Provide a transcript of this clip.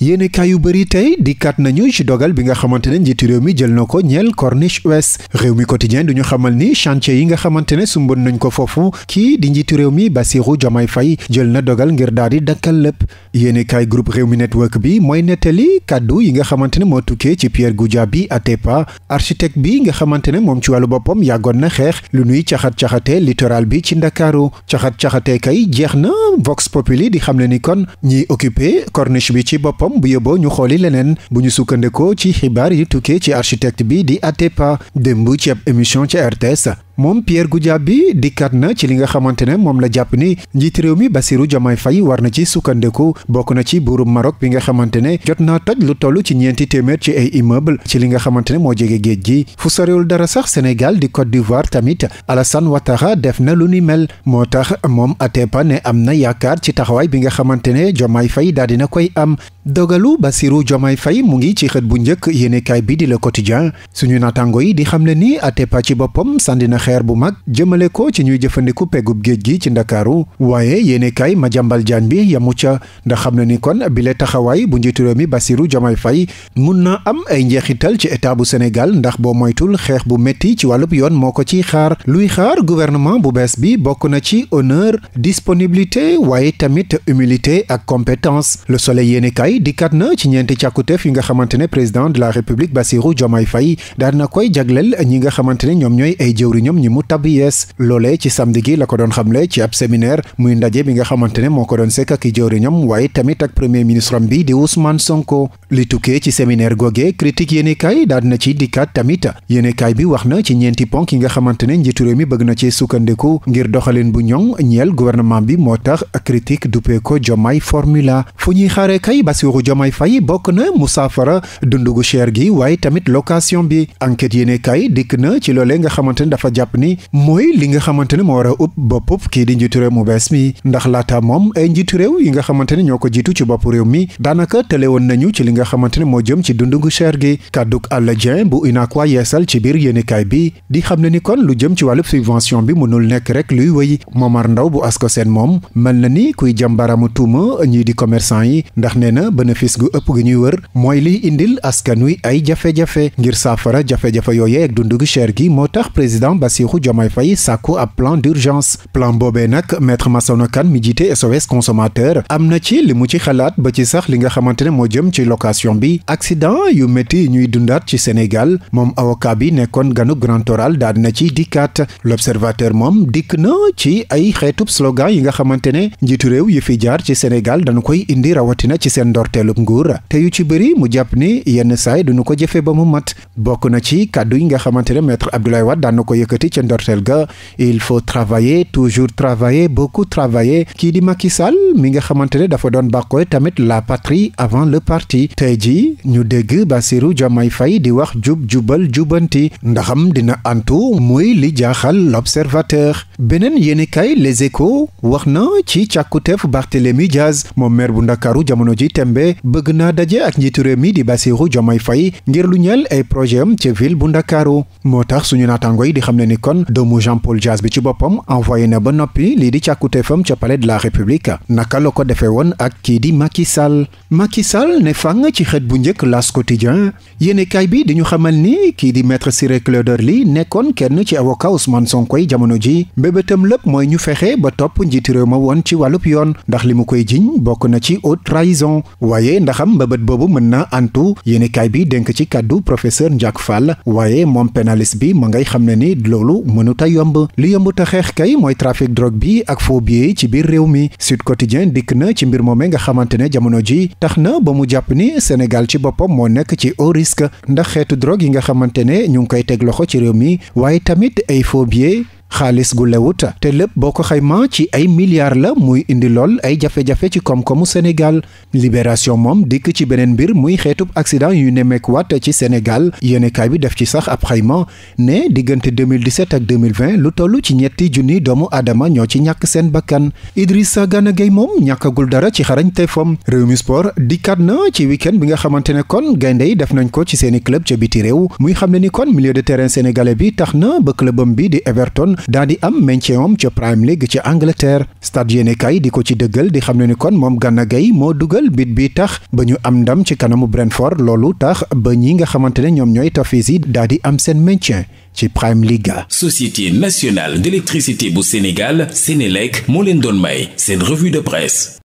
yéenekaay yu bëri tey dikkaat nañu ci dogal bi nga xamante ne njiitu réew mi jël na ko ñeel corniche ouest réew mi quotidien du ñu xamal ni chantier yi nga xamante ne sumboon nañ ko foofu kii di njiitu réew mi Bassirou Diomaye fay jël na dogal ngir daal di dakkal lépp yéenekaay groupe réew mi network bi mooy nettali kàddu yi nga xamante ne moo tukkee ci Pierre Goudiaby Atepa architecte bi nga xamante ne moom ci wàllu boppam yàggoon na xeex lu nuy caxat-caxatee littoral bi ci Ndakaaru caxat-caxatee kay jeex na Vox di xam ne ni kon ñiy occupé corniche bi ci boppam bu yóbboo ñu xooli leneen bu ñu sukkandikoo ci xibaar yi tukkee ci architecte bi di Atepa démb ci ab émission ci RTS moom Pierre bi dikkaat na ci li nga xamante ne moom la jàpp ni njiiti réew mi Bassirou Diomaye fay war na ci sukkandiku bokk na ci buuru Maroc bi nga xamante ne jot naa toj lu toll ci ñeenti téeméer ci ay immeuble ci li nga xamante ne moo jege géej gi fu sorewul dara sax Sénégal di Côte d'Ivoire tamit Alassane Ouattara def na lu ni mel moo tax moom Atepa ne am na yaakaar ci taxawaay bi nga xamante ne Diomaye Faye daal dina koy am dogalu Bassirou Diomaye Faye mu ngi ci xët bu njëkk yéenekaay bi di Le Quotidien suñu naataango yi di xamle ni Atepa xeer bu mag jëmale ko ci ñuy jëfandiku peggub géej gi ci ndakaaru waaye yéenekaay ma jàmbal jaan bi yamu ca ndax xam na ni kon bile taxawaay bu njiitu réew mi Bassirou Diomaye fay mun na am ay njeexital ci état bu Sénégal ndax boo moytul xeex bu metti ci wàllub yoon moo ko ci xaar luy xaar gouvernement bu bees bi bokk na ci honneur disponibilité waaye tamit humilité ak compétence le soleil yéenekaay kaay dikkat na ci ñeenti càkkuteef yi nga xamante ne président de la république Bassirou Diomaye Faye daan na ñi mu tab yees loolee ci samedi gi la ko doon xamle ci ab séminaire muy ndaje bi nga xamante moo ko doon sekk ak i jëwriñam waaye tamit ak premier ministre am bi di Ousmane Sonko li tukkee ci séminaire googee critique yéene kaay ci dikkaat tamit yéene bi wax na ci ñeenti ponk yi nga xamante ne njiitu réew mi bëgg na ci sukkandiku ngir doxalin bu ñoŋ ñeel gouvernement bi moo tax critique duppee ko Jomaay formula fu ñuy xaaree kay Bassirou Jomaay Faye bokk na musaafara dundu gu cher gi waaye tamit location bi enquête yéene kaay dikk jàpp ni mooy li nga xamante ne moo war a ëpp bopp kii di njiitu réew mu bees mi ndax laata moom ay njiitu réew yi nga xamante ne ñoo ko jiitu ci bopp réew mi daanaka tële woon nañu ci li nga xamante ne moo jëm ci dundu cher gi kàdduk Alla Dieng bu UNACOIS yeesal ci biir yéenekaay bi di xam ne ni kon lu jëm ci wàllu subvention bi mënul nekk rek luy wéy Momar Ndaw bu seen moom mel na ni kuy jàmbaraamu tuuma ñii di commerçant yi ndax nee na bénéfice gu ëpp gi ñuy wër mooy liy indil askan wi ay jafe ngir saafara jafe-jafe yooyee Bassirou Diomaye Faye sàkku ab plan d'urgence plan boobee nag maître Massokhna Kane mi jiite SOS consommateur am na ci li mu ci xalaat ba ci sax li nga xamante ne moo jëm ci location bi accident yu métti ñuy dundaat ci Sénégal moom avocat bi nekkoon ganu grand toral daal ci dikkaat l'observateur moom dikk na ci ay xeetub slogan yi nga xamante ne njiitu réew yu fi jaar ci Sénégal dana koy indi rawatina ci seen ndorteelub nguur te yu ci bëri mu jàpp ni yenn saay duñu ko jëfe ba mu mat bokk na ci kàddu yi nga xamante ne maître Abdoulaye Wade ko yëkkati yëkkati ca ndortel ga il faut travailler toujours travailler beaucoup travailler kii di Macky Sall mi nga xamante ne dafa doon bàkkooy tamit la patrie avant le parti tey ji ñu dégg Bassirou Diomaye fay di wax jub jubal jubanti ndaxam dina antu muy li jaaxal l'observateur beneen yéenekaay Les Échos wax na ci càkkuteef Barthélémy Diaz moom maire bu Ndakaaru jamono ji tembe bëgg naa daje ak njiitu réew mi di Bassirou Diomaye fay ngir lu ñeel ay projet am ca ville bu Ndakaaru moo tax suñu naataango yi ni kon doomu Jean Paul Dias bi ci boppam envoyé na ba noppi lii di càkkuteefam ca palais de la république naka la ko defee woon ak kii di Macky Sall Macky Sall ne fàng ci xët bu njëkk L'As quotidien yéenekaay bi di ñu xamal ni kii di maître Ciré Clédor li nekkoon kenn ci avocat Ousmane Sonko yi jamono ji mbébétam lépp mooy ñu fexe ba topp njiiti réew ma woon ci wàllub yoon ndax li mu koy jiñ bokk na ci haute trahison waaye ndaxam mbébét boobu mën na antu yéenekaay bi dénk ci kàddu professeur Ndiak Fall loolu mënut a yomb li yomb te xeex kay mooy trafic drogue bi ak faux yi ci biir réew mi Sud Quotidien dikk na ci mbir moomee nga xamante ne jamono ji tax na ba mu jàpp ni Sénégal ci boppam moo nekk ci haut risque ndax xeetu drogue yi nga xamante ne ñu ngi koy teg loxo ci réew mi waaye tamit ay faux xaalis gu lewut te lépp boo ko xayma ci ay milliards la muy indi lool ay jafe-jafe ci koom-koomu Sénégal libération moom dikk ci beneen mbir muy xeetub accident yu nemmeekuwaat ci Sénégal yéenekaay bi def ci sax ab xayma ne diggante 2017 ak 2020 lu toll ci ñetti junni doomu aadama ñoo ci ñàkk seen bakkan sa Gana gay moom ñàkkagul dara ci xarañ te fom Rewmi Sport dikkaat na ci week-end bi nga xamante ne kon gaynde yi def nañ ko ci seeni club ca biti réew muy xam ne ni kon milieu de terrain sénégalais bi tax na ba clubam bi di Everton daa di am maintien am ca Prime League ca Angleterre stade yéenekaay di ko ci dëggal di xam ne ni kon moom Gana Gueye moo dugal bit bi tax ba ñu am ndam ci kanamu Brentford loolu tax ba ñi nga xamante ne ñoom ñooy tafis yi daa di am seen maintien ci Prime League. Société nationale d'électricité bu Sénégal Sénélec moo leen doon may seen revue de presse.